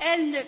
Elle